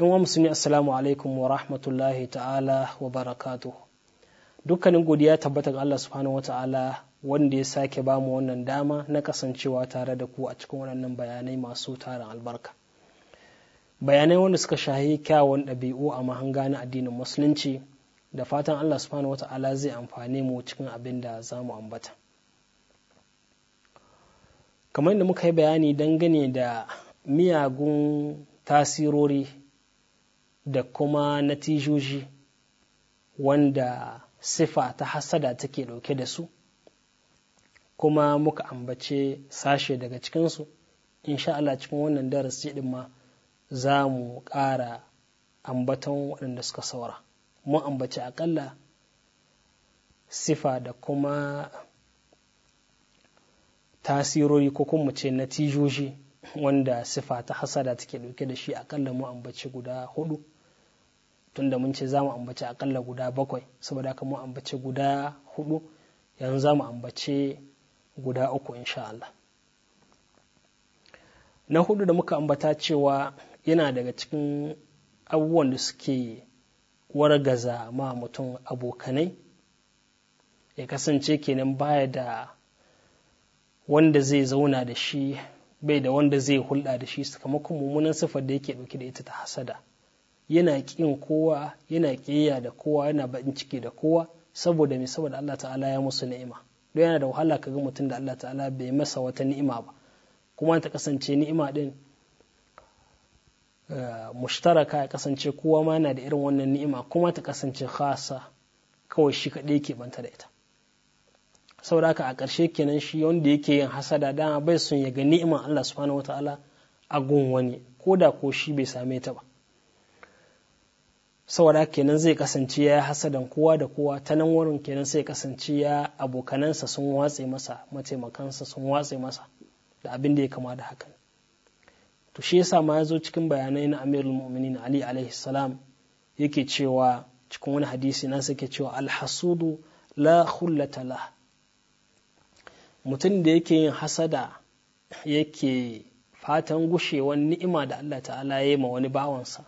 yan wa musulmi assalamu alaikum wa rahmatullahi ta'ala wa barakatu dukkanin godiya tabbata ga Allah subhanahu wa ta'ala wanda ya sake bamu wannan dama na kasancewa tare da ku a cikin waɗannan bayanai masu tarin albarka bayanai wanda suka shahi kyawun ɗabi'u a mahanga na addinin musulunci da fatan Allah subhanahu wa ta'ala zai amfane mu cikin abin da za mu ambata kamar yadda muka yi bayani dangane da miyagun tasirori da kuma natijoji wanda sifa ta hasada take ɗauke da su kuma muka ambace sashe daga cikinsu insha Allah cikin wannan darasi ɗin ma za mu ƙara ambaton waɗanda suka saura mun ambace aƙalla sifa da kuma tasirori ko kuma ce natijoji wanda sifa ta hasada take ɗauke da shi aƙalla mu ambace guda hudu tunda mun ce za mu ambaci akalla guda bakwai saboda haka mu ambaci guda hudu yanzu za mu ambaci guda uku insha Allah na hudu da muka ambata cewa yana daga cikin abubuwan da suke wargaza ma mutum abokanai ya kasance kenan baya da wanda zai zauna da shi bai da wanda zai hulɗa da shi sakamakon mummunan siffar da yake ɗauke da ita ta hasada yana ƙin kowa yana ƙiyayya da kowa yana baƙin ciki da kowa saboda me saboda Allah ta'ala ya musu ni'ima don yana da wahala ka ga mutum da Allah ta'ala bai masa wata ni'ima ba kuma ta kasance ni'ima din eh, mushtaraka ya kasance kowa ma yana da irin wannan ni'ima kuma ta kasance khasa kawai shi kaɗai yake banta da ita saboda haka a ƙarshe kenan shi wanda yake yin hasada dama bai son ya ga ni'iman Allah subhanahu wataala a gun wani ko da ko shi bai same ta ba saboda kenan zai kasance ya hasadan kowa da kowa ta nan wurin kenan sai kasance ya abokanansa sun watse masa mataimakansa sun watse masa da abin da ya kama da hakan to shi yasa ma ya zo cikin bayanai na amirul mu'minin ali alaihi salam yake cewa cikin wani hadisi na sake cewa alhasudu la khullata la mutum da yake yin hasada yake fatan gushewan ni'ima da Allah ta'ala ya yi ma wani bawansa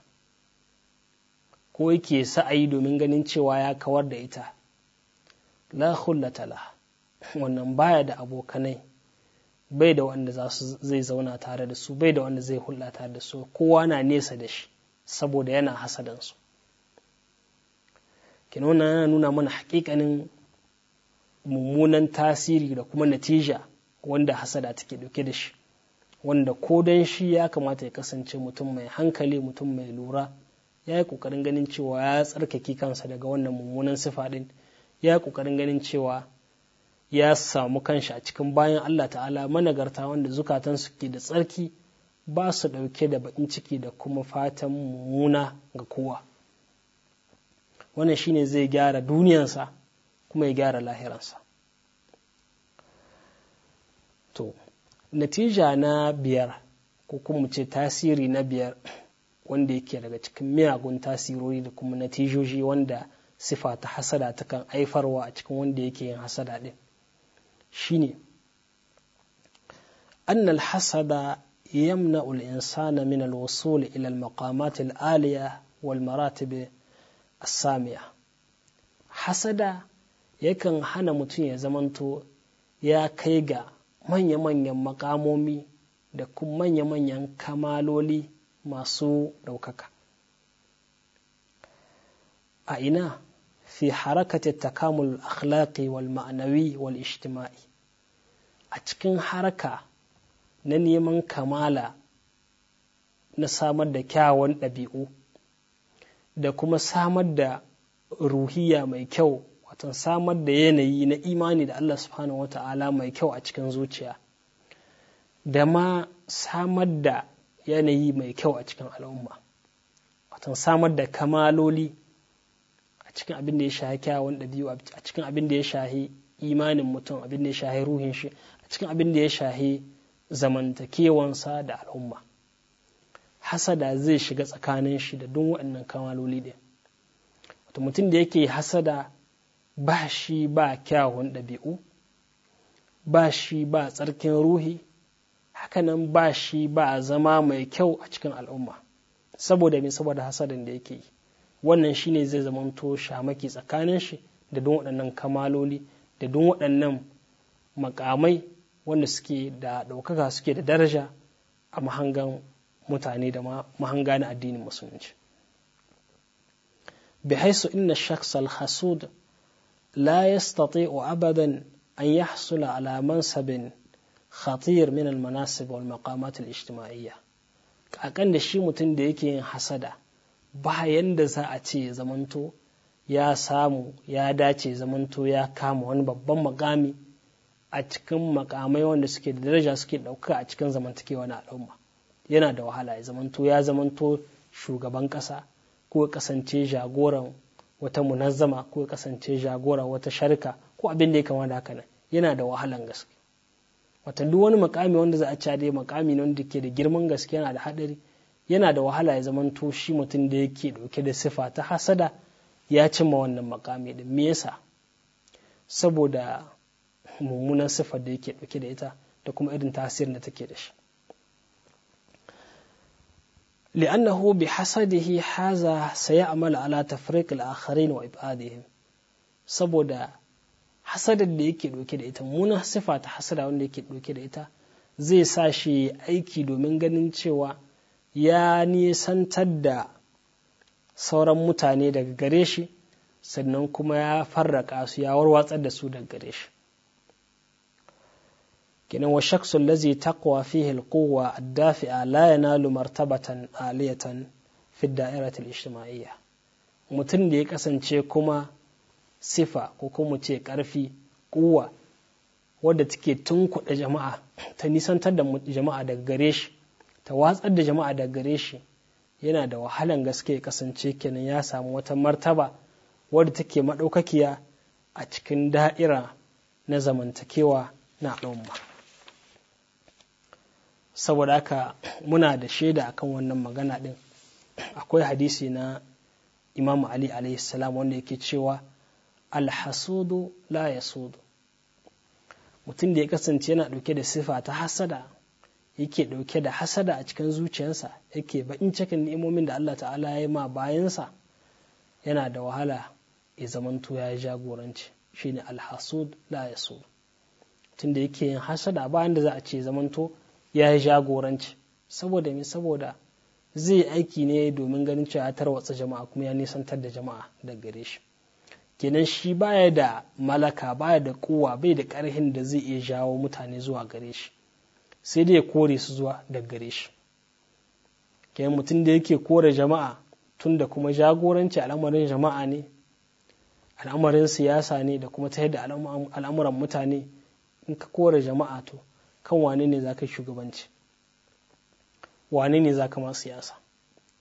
ko yake sa'ayi domin ganin cewa ya kawar da ita la khullata la wannan baya da abokanai bai da wanda zai zauna tare da su bai da wanda zai hulla tare da su kowa na nesa da shi saboda yana hasadan su kinona yana nuna mana hakikanin mummunan tasiri da kuma natija wanda hasada take dauke da shi wanda ko dan shi ya kamata ya kasance mutum mai hankali mutum mai lura ya yi ƙoƙarin ganin cewa ya tsarkake kansa daga wannan mummunan sifa ɗin ya yi ƙoƙarin ganin cewa ya samu kanshi a cikin bayan Allah ta'ala managarta wanda zukatan su ke da tsarki ba su ɗauke da baƙin ciki da kuma fatan mummuna ga kowa wannan shine zai gyara duniyarsa kuma ya gyara lahiransa to natija na biyar ko kuma mu ce tasiri na biyar wanda yake daga cikin miyagun tasirori da kuma natijoji wanda sifa ta hasada ta kan aifarwa a cikin wanda yake yin hasada din shine annal hasada yamna al-insana min al-wusul ila al-maqamat aliya wal maratib as-samiya hasada yakan hana mutum ya zamanto ya kai ga manya-manyan makamomi da kuma manya-manyan kamaloli masu ɗaukaka a ina fi harakati takamul akhlaqi wal ma'anawi wal ijtima'i a cikin haraka na neman kamala na samar da kyawawan ɗabi'u da kuma samar da ruhiya mai kyau watan samar da yanayi na imani da Allah subhanahu wata'ala mai kyau a cikin zuciya da ma samar da yanayi mai kyau a cikin al'umma watan samar da kamaloli a cikin abin da ya shahi kyawun ɗabi'u a cikin abin da ya shahi imanin mutum abin da ya shahi ruhin shi a cikin abin da ya shahi zamantakewansa da al'umma hasada zai shiga tsakanin shi da duk waɗannan kamaloli ɗin wato mutum da yake hasada ba shi ba kyawun ɗabi'u ba shi ba tsarkin ruhi hakanan ba shi ba a zama mai kyau a cikin al'umma saboda me saboda hasadin da yake yi wannan shine zai zamanto shamaki tsakanin shi da don waɗannan kamaloli da don waɗannan makamai wanda suke da ɗaukaka suke da daraja a mahangan mutane da mahanga na addinin musulunci haisu inna shakhsal hasud la yastati'u abadan an yahsula ala mansabin khatir min al-manasib wal maqamat al-ijtima'iyya akan da shi mutum da yake yin hasada ba yanda za a ce zamanto ya samu ya dace zamanto ya kama wani babban makami a cikin makamai wanda suke da daraja suke ɗauka a cikin zamantakewa na al'umma yana da wahala ya zamanto ya zamanto shugaban kasa ko kasance jagoran wata munazzama ko ya kasance jagoran wata sharka ko abin da ya kama da haka nan yana da wahalan gaske wata duk wani makami wanda za a ci dai makami ne wanda ke da girman gaske yana da hadari yana da wahala ya zama to shi mutum da yake dauke da sifa ta hasada ya cimma wannan makami din me yasa saboda mummunan sifar da yake dauke da ita da kuma irin tasirin da take da shi لأنه بحسده هذا سيعمل على تفريق الآخرين وإبعادهم saboda hasadar da yake ɗauke da ita muna sifa ta hasada wanda yake ɗauke da ita zai sa shi aiki domin ganin cewa ya nisantar da sauran mutane daga gare shi sannan kuma ya farraka su ya warwatsar da su daga gare shi kenan wa shaksun lazi taqwa fihi alquwa addafi'a la yanalu martabatan aliyatan fi da'iratil ijtima'iyya mutum da ya kasance kuma sifa ko kuma ce ƙarfi kuwa wadda take tunkuɗa jama'a ta nisantar da jama'a daga gare shi ta watsar da jama'a daga gare shi yana da wahalan gaske ya kasance kenan ya samu wata martaba wadda take maɗaukakiya a cikin da'ira na zamantakewa na al'umma saboda haka muna da shaida akan wannan magana ɗin akwai hadisi na imamu ali alaihi salam wanda yake cewa alhasudu la ya sudu mutum da ya kasance yana ɗauke da sifa ta hasada yake ɗauke da hasada a cikin zuciyarsa yake baƙin cikin ni'imomin da Allah ta'ala ya yi ma bayansa yana da wahala ya zamanto ya jagoranci shine alhasud la ya so tun da yake yin hasada bayan da za a ce zamanto ya jagoranci saboda me saboda zai aiki ne domin ganin cewa ya tarwatsa jama'a kuma ya nisantar da jama'a daga gare shi kenan shi baya da malaka baya da kowa bai da ƙarhin da zai iya jawo mutane zuwa gare shi sai dai ya kore su zuwa da gare shi kenan mutum da yake kore jama'a tun da kuma jagoranci al'amarin jama'a ne al'amarin siyasa ne da kuma ta da al'amuran mutane in ka kore jama'a to kan wane ne za ka shugabanci wane ne za ka ma siyasa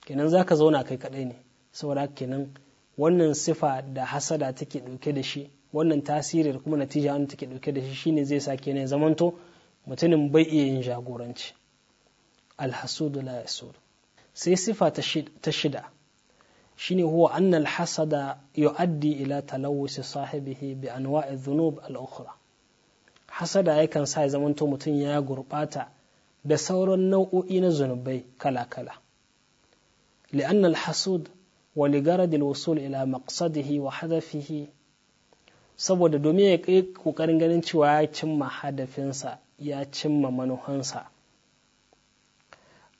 kenan za ka zauna kai kaɗai ne saboda kenan wannan sifa da hasada take ɗauke da shi wannan tasiri da kuma natija wanda take ɗauke da shi shine zai sa kenan zamanto mutumin bai iya yin jagoranci alhasudu la yasud sai sifa ta shida shine huwa annal hasada yu'addi ila talawusi sahibihi bi anwa'i dhunub al-ukhra hasada yakan sa ya zamanto mutum ya gurbata da sauran nau'o'i na zunubai kala-kala li'anna al-hasud ولغرض الوصول ila wa hadafihi saboda domin ya kai kokarin ganin cewa ya cimma hadafinsa ya cimma manuhansa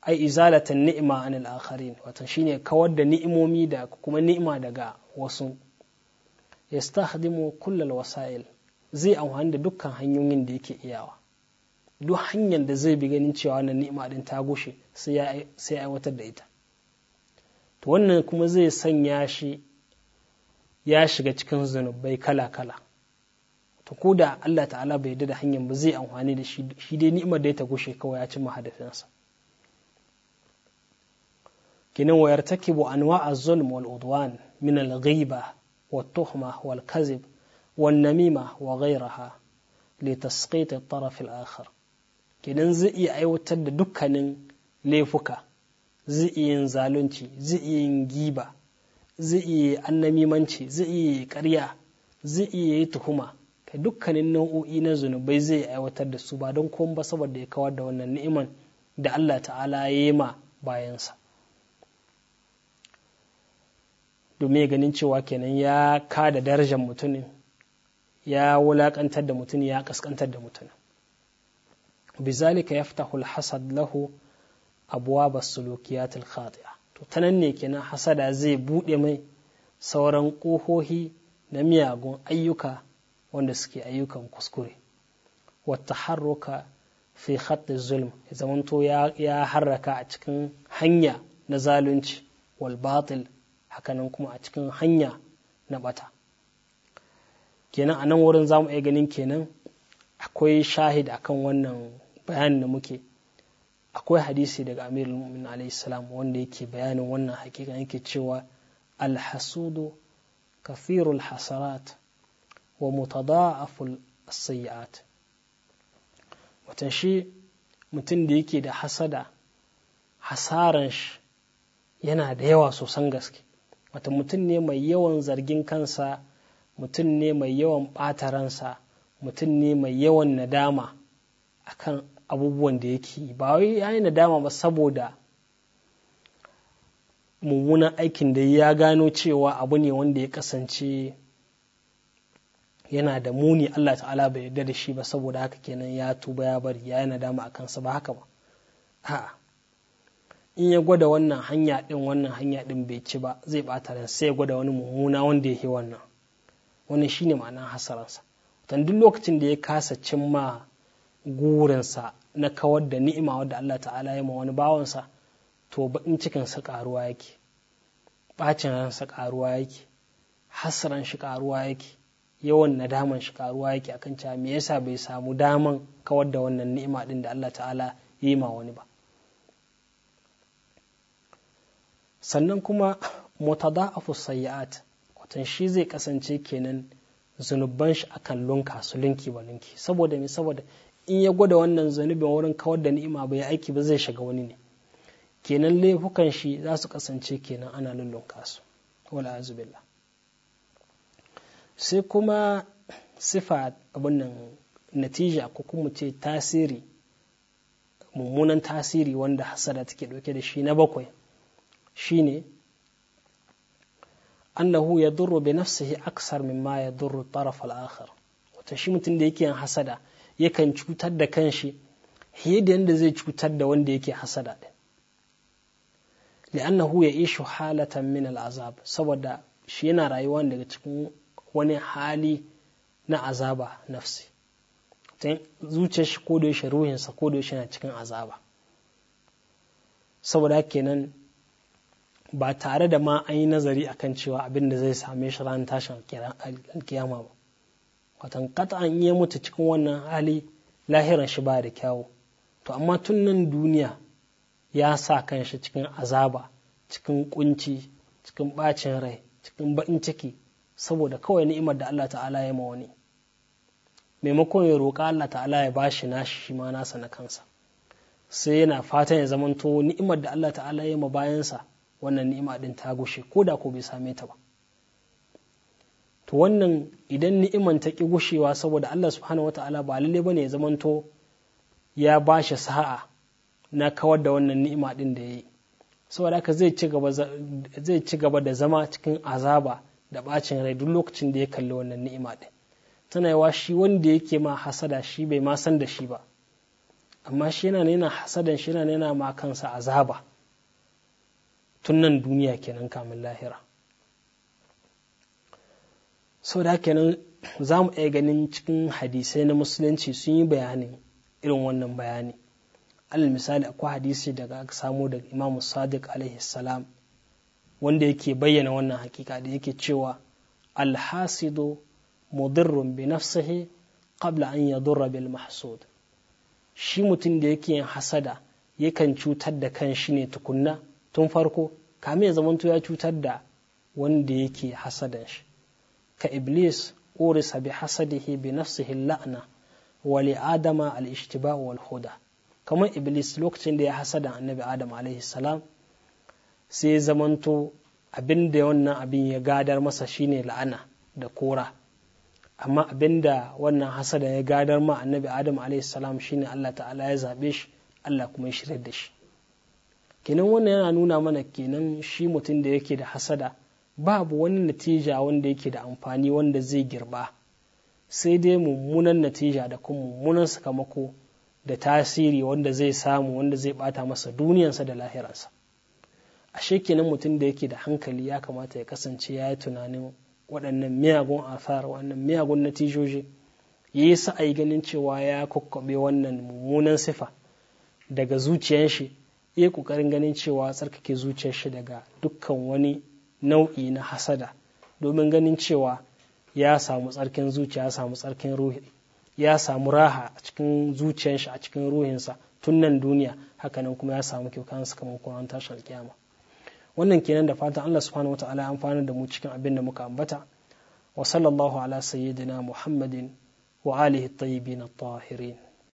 ai nima ni'ima anil akharin wato shine kawar da ni'imomi da kuma ni'ima daga wasu yastahdimu kullal wasa'il zai amfani da dukkan hanyoyin da yake iyawa duk hanyar da zai bi ganin cewa wannan ni'ima din ta gushe sai ya aiwatar da ita wannan kuma zai sanya shi ya shiga cikin zunubai kala-kala ta ko da Allah ta'ala bai yarda da hanyar ba zai amfani da shi dai ni'imar da ya tagushe kawai ya ci mahadafinsa kinin wayar takibu anwa az-zulm wal udwan min al-ghiba والتهمة والكذب والنميمة وغيرها لتسقيط الطرف akar kinin zai iya aiwatar da dukkanin laifuka zai iya yin zalunci zai iya yin giba zai iya yi annamimanci zai iya yi ƙarya zai iya yi tuhuma kai dukkanin nau'o'i na zunubai zai aiwatar da su ba don kuma ba saboda ya kawar da wannan ni'iman da Allah ta'ala ya yi ma bayansa domin ganin cewa kenan ya kada darajar mutumin ya wulakantar da mutum ya kaskantar da mutum bizalika yaftahu alhasad lahu abuwa sulukiyatil khati'a to ta nan ne kenan hasada zai buɗe mai sauran ƙohohi na miyagun ayyuka wanda suke ayyukan kuskure wata harroka fi hatta zulm ya zamanto ya harraka a cikin hanya na zalunci wal batil hakanan kuma a cikin hanya na bata kenan a nan wurin zamu iya ganin kenan akwai shahid akan wannan bayanin da muke akwai hadisi daga al mu'min alayhi salam wanda yake bayanin wannan hakika yake cewa alhasudu kafirul hasarat wa mutada'aful sayyi'at watan shi mutum da yake da hasada hasaran shi yana da yawa sosan gaske wata mutum ne mai yawan zargin kansa mutum ne mai yawan ɓataransa, mutum ne mai yawan nadama akan abubuwan da yake yi ba wai ya yi nadama ba saboda mummunan aikin da ya gano cewa abu ne wanda ya kasance yana da muni Allah ta'ala bai yarda da shi ba saboda haka kenan ya tuba ya bari ya yi nadama a kansa ba haka ba a'a in ya gwada wannan hanya din wannan hanya din bai ci ba zai bata ran sai ya gwada wani mummuna wanda yake wannan wannan shine ma'anar hasaransa tun duk lokacin da ya kasa cimma gurinsa na kawar da ni'ima wadda Allah ta'ala ya ma wani bawansa to baƙin cikinsa ƙaruwa yake ɓacin ransa ƙaruwa yake hasran shi ƙaruwa yake yawan nadaman shi ƙaruwa yake akan cewa me yasa bai samu daman kawar da wannan ni'ima din da Allah ta'ala yi ma wani ba sannan kuma mutada'afu sayyi'at watan shi zai kasance kenan zunubban shi akan lunka su linki ba linki saboda me saboda in ya gwada wannan zanubin wurin kawar da ni'ima bai aiki ba zai shiga wani ne kenan laifukan shi za su kasance kenan ana lullun kasu wala azubillah sai kuma sifa abin nan natija ko kuma ce tasiri mummunan tasiri wanda hasada take dauke da shi na bakwai shine annahu ya durru bi nafsihi aksar mimma ya durru taraf al-akhar wato shi mutum da yake yin hasada yakan cutar da kanshi fiye da yadda zai cutar da wanda yake hasada ɗin li'annahu ya ishu halatan min al'azab saboda shi yana rayuwa daga cikin wani hali na azaba nafsi zuciyar shi ko da yashi ruhinsa ko da yashi na cikin azaba saboda kenan ba tare da ma an yi nazari akan cewa abin da zai same shi ran tashin alkiyama ba watan an iya mutu cikin wannan hali lahiran shi ba da kyawu to amma tun nan duniya ya sa kan shi cikin azaba cikin kunci cikin bacin rai cikin baƙin ciki saboda kawai ni'imar da Allah ta'ala ya ma wani maimakon ya roƙa Allah ta'ala ya bashi nashi shi ma nasa na kansa sai yana fatan ya zamanto ni'imar da Allah ta'ala ya ma bayansa wannan ni'ima din ta gushe ko da ko bai same ta ba to wannan idan ni'iman ta ki gushewa saboda Allah subhanahu ta'ala ba lalle bane ya zamanto ya ba shi sa'a na kawar da wannan ni'ima din da yayi saboda haka zai ci gaba da zama cikin azaba da bacin rai duk lokacin da ya kalli wannan ni'ima din tana yawa shi wanda yake ma hasada shi bai ma san da shi ba amma shi yana yana hasadan shi yana yana ma kansa azaba tun nan duniya kenan kamin lahira sau da kenan za mu iya ganin cikin hadisai na musulunci sun yi bayanin irin wannan bayani alal misali akwai hadisi daga aka samu daga imam sadiq alaihi salam wanda yake bayyana wannan hakika da yake cewa alhasidu mudirrun bi nafsihi qabla an yadurra bil mahsud shi mutum da yake yin hasada yakan cutar da kan shi ne tukunna tun farko kame ya zamanto ya cutar da wanda yake hasadan shi ka iblis urisa bi hasadihi bi nafsihi la'na wa li adama al-ishtiba wal huda kamar iblis lokacin da ya hasada annabi adam alaihi salam sai ya zamanto abin wannan abin ya gadar masa shine la'ana da kora amma abin wannan hasada ya gadar ma annabi adam alaihi salam shine Allah ta'ala ya zabe shi Allah kuma ya shirya da shi kenan wannan yana nuna mana kenan shi mutum da yake da hasada babu wani natija wanda yake da amfani wanda zai girba sai dai mummunan natija da kuma mummunan sakamako da tasiri wanda zai samu wanda zai bata masa duniyansa da lahiransa a shekinan mutum da yake da hankali ya kamata ya kasance ya yi tunanin waɗannan miyagun athar waɗannan miyagun natijoji ya yi sa'ai ganin cewa ya kwakwabe wannan mummunan sifa daga zuciyar shi yi ƙoƙarin ganin cewa tsarkake zuciyar daga dukkan wani nau'i na hasada domin ganin cewa ya samu tsarkin zuciya ya samu tsarkin ruhi ya samu raha a cikin zuciyarsa a cikin ruhinsa tun nan duniya hakanan kuma ya samu kyaukan kamar an tashi alkiyama wannan kenan da fatan Allah subhanahu wataala ya amfana da mu cikin abin da muka ambata wa sallallahu ala sayyidina muhammadin wa alihi tayyibin at-tahirin